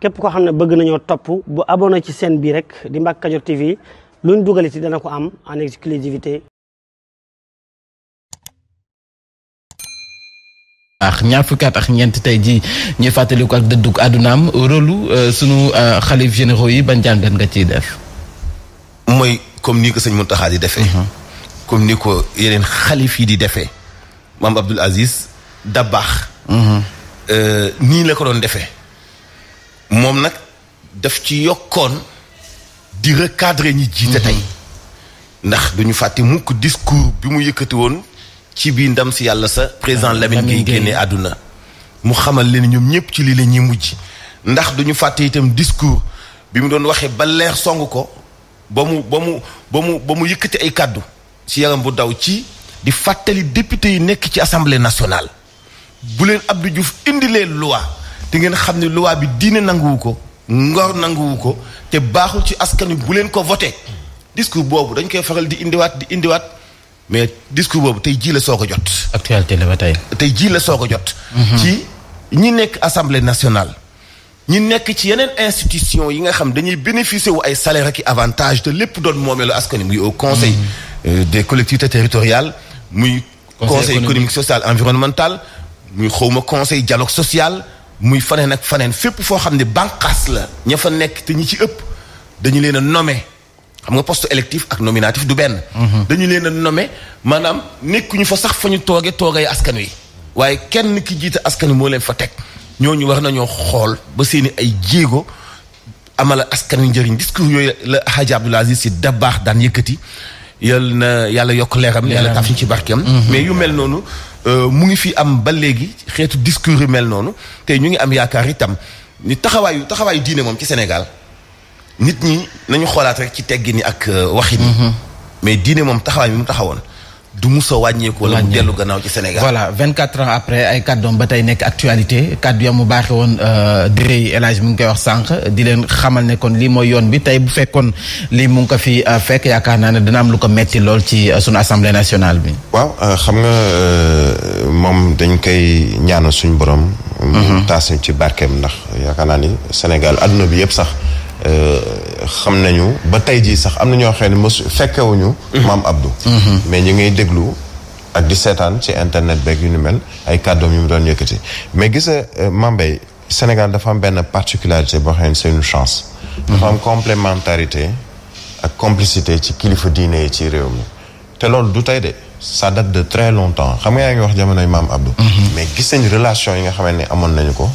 képp koo xam ne bëgg nañoo topp bu abonné ci seen bii rek di Mbacke Kadior TV luñ dugal ci dana ko am en exclusivité ax ñaar fukki ñeent tey jii ñuy fàttaliku ak dëddug àddunaam rôlu euh, sunu euh, xalif généraux yi ban jàngat nga ciy def mooy comme ni ko sëñ Mountakha di defee mhm. comme ni ko yeneen xalif yi di defee maam Abdoul Aziz Dabakh mhm. euh, nii la ko doon defee moom nag def ci yokkoon di recadrer ñi jiite mhm. tey ndax duñu fàtte mukk discours bi mu yëkkati woon ci bii ndam si yàlla sa président ah, Lamine Gueye génne àdduna mu xamal leen ñoom ñëpp ci lii la ñuy mujj ndax duñu fàtte itam discours bi mu doon waxee ba leer song ko ba mu ba mu ba mu ba mu yëkkati ay kàddu ci yaram bu daw ci di fàttali député yi nekk ci assemblée nationale bu leen Abdou Diouf indilee loi di ngeen xam ne loi bi diine nanguwu ko ngor nanguwu ko te baaxul ci askan wi bu leen ko voté discours boobu dañ koy faral di indiwaat di indiwaat mais discours boobu tey jii la soo ko jot. actualité la tey. tey jii la soo ko jot. Mhm. ci ñi nekk assemblée nationale. ñi nekk ci yeneen institution yi nga xam dañuy bénéficier wu ay salaire ak i avantage te lépp doon moomeelu askan muy au conseil mhm. euh, des collectivités territoriales muy conseil économique social environnemental muy xawma conseil dialogue social muy faneen ak faneen fépp foo xam ne bànqaas la ña fa nekk te ñi ci ëpp dañu leen a nommé xam nga poste électif ak nominatif du benn mhm. dañu leen a nommé maanaam nekkuñu fa sax fa ñu tooge toogay askan wi waaye kenn ki jiite askan wi moo leen fa teg ñoo ñu war nañoo xool ba seeni ay jéego amala askan wi njëriñ discours yooyu la Hadji Abdoul Aziz Sy Dabakh daan yëkkati yal na yàlla yokk leeram yàlla taf ñu ci barkeem mhm. mais yu mel noonu Euh, mu ngi fi am ba léegi xeetu discours yu mel noonu te ñu ngi am yaakaar itam ni taxawaayu taxawaayu diine moom ci Sénégal nit ñi nañu xoolaat rek ci teggin ak euh, waxin mm-hmm. mais diine moom taxawaay bi mu taxawoon du mus a wàññeeku. wala dellu gannaaw ci Sénégal. voilà 24 ans après ay kàddoom ba tey nekk actualité kàddu ya mu baaxe woon euh, direy El Hadj mu ngi koy wax sànq di leen xamal ne kon lii mooy yoon bi tey bu fekkoon lii mu ngi ko fi euh, fekk yaakaar naa ne dina am lu ko metti lool ci euh, sunu assemblée nationale bi. waaw xam nga moom dañ koy ñaanal suñu borom. Mhm. taas ñu ci barkeem ndax yaakaar naa ni Sénégal adduna bi yëpp sax. xam nañu ba tey jii sax am na ñoo xam ne mos fekkewuñu mhm. maam Abdou mhm. mais ñu ngay déglu ak di seetaan ci internet beeg yu ni mel ay kàddoom yu mu doon yëkkati mais gis nga euh, Mambay Sénégal dafa am benn particularité boo xam ne c'est une chance dafa am mhm. complémentarité ak complicité ci kilifa diine yi ci réew mi te loolu du tey de ça date de très longtemps xam nga yaa ngi wax jamonoy maam Abdou mais gis nañ relation yi nga xamante ni amoon nañu ko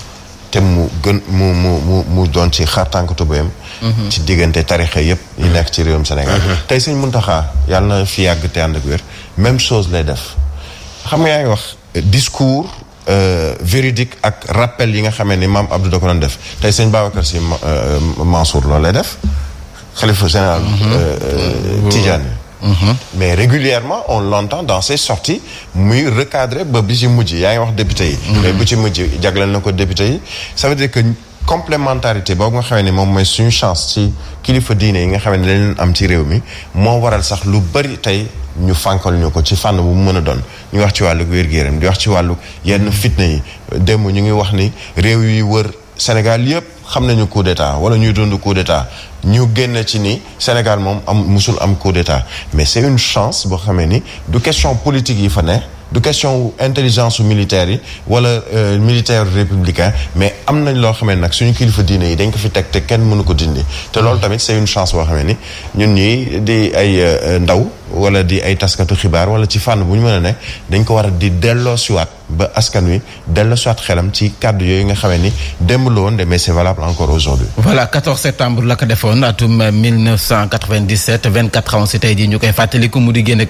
te mu gën mu mu mu mu doon ci xar tànk tubéyam mhm. ci diggante tarixa yëpp yi nekk ci réewum senegal mhm. tey sëñ Muntaxa yàlla na fi yàgg te ànd ak wér même chose lay def xam nga yaa ngi wax discours euh, véridique ak rappel yi nga xamee ni maam Abdou da ko doon def tey sëñ Babacar Si euh, Mansour loolu lay def xalifa général mhm. euh, Tidiane Mm-hmm. mais régulièrement on l'entend dans ses sorti muy recadré ba bu ci mujj yaa ngi wax député yi. Mm-hmm. mais bu ci mujj jagleel na ko député yi ça veut dire que. complémentarité boobu nga xamee ne moom mooy suñu chance ci kilifa diine yi nga xamee ne leen am ci réew mi moo waral sax lu bari tey ñu fànkal ñu ko ci fànn bu mu mën a doon ñu wax ci wàllu wér-gu-yaram di wax ci wàllu yenn fitna yi démb ñu ngi wax ni réew yi wër Sénégal yëpp xam nañu coup d'état wala ñuy dund coup d'état ñu génn ci ni Sénégal moom am musul am coup d'état mais c'est une chance boo xamee ni du question politique yi fa ne du question intelligence militaire yi wala euh, militaire républicain mais am nañ loo xamee nag suñu kilifa diine yi dañ ko fi teg te kenn mënu ko dindi te loolu tamit c'est une chance boo xamee ni ñun ñii di ay euh, ndaw wala di ay taskatu xibaar wala ci fànn bu ñu mën a nekk dañ ko war di delloo siwaat ba askan wi delloo siwaat xelam ci kàddu yooyu nga xamee ni démb la woon de mais c'est valable encore aujourd'hui voilà 14 septembre la ko defoon atum 1997 euh, koy fàttaliku mu di génne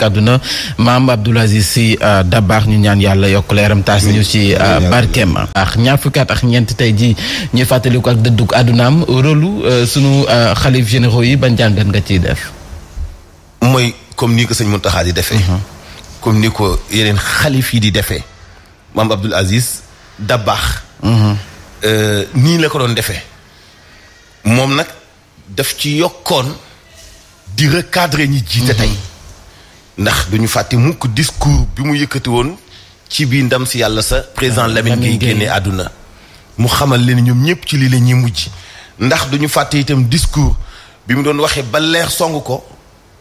Aziz ta baax ñu ñaan yàlla yokk leeram taas ñu ci mm. euh, barkeem ak ñaar fukki at ñeent tey jii ñuy fàttali ko ak dëddug àddunaam rôlu euh, sunu euh, xalif généraux yi ba jàngat nga ciy def mooy comme ni ko sëñ Muntaxa di defee mm-hmm. comme ni ko yeneen xalif yi di defee maam Abdul Aziz Dabaax mm-hmm. nii la ko doon defee moom nag def ci yokkoon di recadrer ñi jiite tey mm-hmm. ndax duñu fàtte mukk discours bi mu yëkkati woon ci bii ndam si yàlla sa président Lamine Gueye génne àdduna mu xamal leen ñoom ñëpp ci lii la ñuy mujj ndax duñu fàtte itam discours bi mu doon waxee ba leer song ko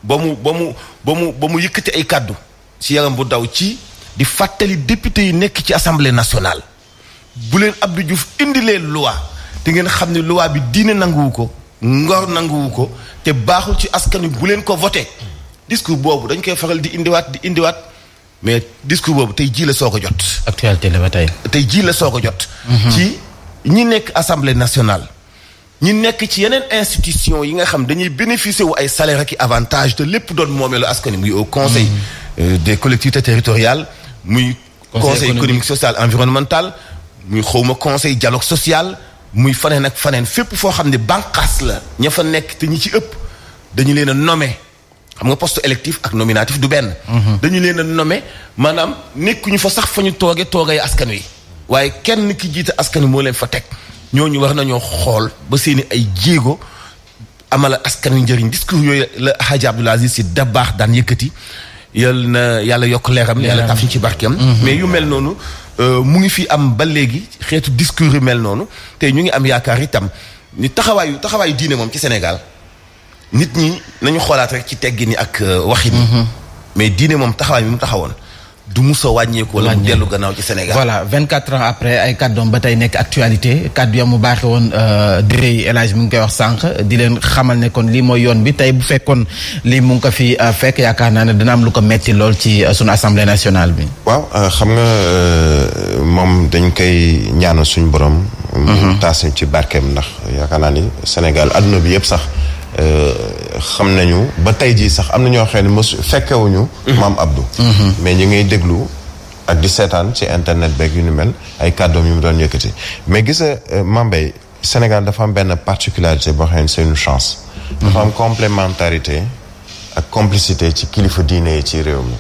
ba mu ba mu ba mu ba mu yëkkati ay kàddu ci yaram bu daw ci di fàttali député yi nekk ci assemblée nationale bu leen abdu Diouf indi leen loi te ngeen xam ne loi bi diine nanguwu ko ngor nanguwu ko te baaxul ci askan wi bu leen ko voté discours boobu dañ koy faral di indiwaat di indiwaat mais discours boobu tey jii la soo ko jot. actualité la tey. tey jii la soo ko jot. Mhm. ci ñi nekk assemblée nationale. ñi nekk ci yeneen institution yi nga xam dañuy bénéficier wu ay salaire ak i avantage te lépp doon moomeelu askan muy au conseil mhm. euh, des collectivités territoriales muy conseil économique social environnemental muy xawma conseil dialogue social muy faneen ak faneen fépp foo xam ne bànqaas la ña fa nekk te ñi ci ëpp dañu leen a nommer xam nga poste électif ak nominatif du benn. Mhm. dañu leen a nommé maanaam nekkuñu fa sax fa ñu toogee toogay askan wi. waaye kenn ki jiite askan wi moo leen fa teg ñooñu war nañoo xool ba seeni ay jéego amala askan wi njëriñ discours yooyu la Hadji Abdoul Aziz Sy baax daan yëkkati yal na yàlla yokk leeram. yàlla taaf ñu ci barkeem. Mhm. mais yu mel noonu euh, mu ngi fi am ba léegi xeetu discours yu mel noonu te ñu ngi am yaakaar itam ni taxawaayu taxawaayu diine moom ci Sénégal. nit ñi nañu xoolaat rek ci teggin yi ak euh, waxin yi mm-hmm. mais diine moom taxawaay bi mu taxawoon du musa wàññeeku wala mu dellu gannaaw ci Sénégal. voilà 24 ans après ay kàddoom ba tey nekk actualité kàddu ya mu baaxee woon euh, direy El Hadj mu ngi koy wax sànq di leen xamal ne kon lii mooy yoon bi tey bu fekkoon lii mu ngi ko fi euh, fekk yaakaar naa ne dina am lu ko metti lool ci sunu assemblée nationale bi. waaw xam nga moom dañ koy ñaanu suñu borom. mu mm-hmm. taas ci barkeem ndax yaakaar naa ni Sénégal adduna bi yëpp sax. xam nañu ba tey jii sax am na ñoo xam ne mos fekkewuñu mhm. maam Abdou mhm. mais ñu ngay déglu ak di seetaan ci internet beeg yu ni mel ay kàddoom yu mu doon yëkkati mais gis nga euh, Mame Sénégal dafa am benn particularité boo xam ne c'est une chance dafa am mhm. complémentarité ak complicité ci kilifa diine yi ci réew mi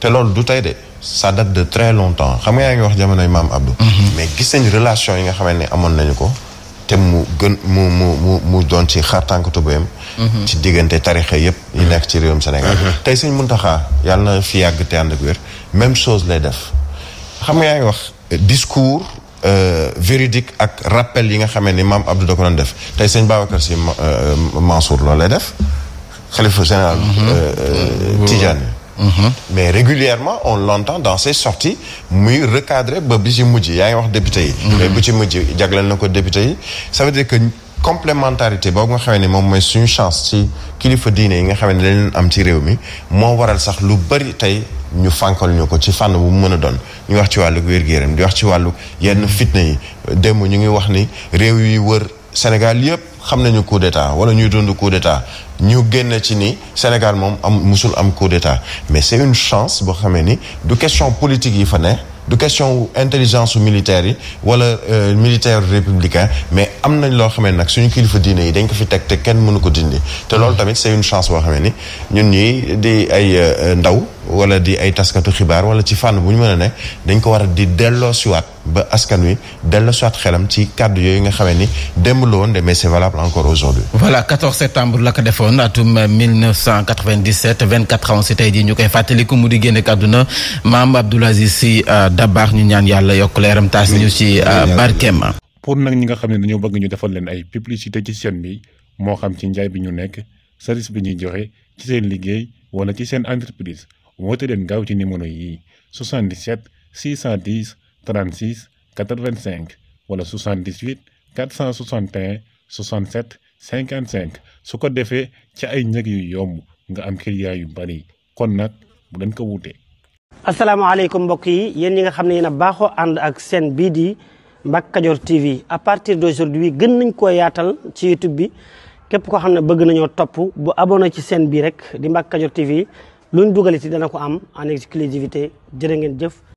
te loolu du tey de ça date de très longtemps xam nga yaa ngi wax jamonoy maam Abdou mais gis nañ relation yi nga xamante ni amoon nañu ko te mu gën mu mu mu mu doon ci xar tànk tubéyam mhm. ci diggante tarixa yëpp yu nekk ci réewum Sénégal mhm. tey sëñ Muntaxa yàlla na fi yàgg te ànd ak wér même chose lay def xam nga yaa ngi wax discours euh, véridique ak rappel yi nga xamee ni maam Abdou da ko doon def tey sëñ Babacar Si euh, Mansour loolu lay def xalifa général mhm. euh, Tidiane Mm-hmm. mais régulièrement on l'entend dans ses sorties muy recadrer ba bu ci mujj yaa ngi wax député yi mm-hmm. mais bu ci mujj jagleel na ko député yi ça veut dire que complémentarité boobu nga xamee ni moom mooy suñu chance ci kilifa diine yi nga xamee ne dañu am ci réew mi moo waral sax lu bari tey ñu fànkal ñu ko ci fànn bu mu mën a doon ñu wax ci wàllu wér-gu-yaram di wax ci wàllu yenn fitna yi démb ñu ngi wax ni réew yi wër Sénégal yëpp xam nañu coup d'état wala ñuy dund coup d'état ñu génn ci ni Sénégal moom am musul am coup d'état mais c'est une chance boo xamee ni du question politique yi fa ne du question intelligence militaire yi wala euh, militaire républicain mais am nañ loo xamee nag suñu kilifa diine yi dañ ko fi teg te kenn mënu ko dindi te loolu tamit c'est une chance boo xamee ni ñun ñii di ay euh, ndaw wala di ay taskatu xibaar wala ci fànn bu ñu mën a ne dañ ko war a di delloosiwaat ba askan wi dello delloosiwaat xelam ci kàddu yooyu nga xamee ni démb la woon de mais c'est valable encore aujourd'hui voilà 14 septembre la ko defoon atum 1997 24 ans si tey jii ñu koy fàttaliku mu di génne kàdduna maam Abdoul Aziz Sy euh, Dabakh ñu ñaan yàlla yokk leeram taas ñu ci euh, barkeem pour nag ñi nga xam ne dañoo bëgg ñu defal leen ay publicité ci seen bi moo xam ci njaay bi ñu nekk service bi ñuy joxe ci seen liggéey wala ci seen entreprise woote leen gaaw ci numéro yi 77 610 36 85 wala 78 461 67 55 su ko defee ci ay njëg yu yomb nga am client yu bari kon nag bu leen ko wuute. asalaamaaleykum mbokk yi yéen yi nga xam ne yéen a baaxoo ànd ak seen bii di Mbacke Kadior TV à partir d'aujourd'hui gën nañ koo yaatal ci YouTube bi képp koo xam ne bëgg nañoo topp bu abonné ci seen bii rek di Mbacke Kadior TV. luñ dugal ci dana ko am en exclusivité jërë ngeen jëf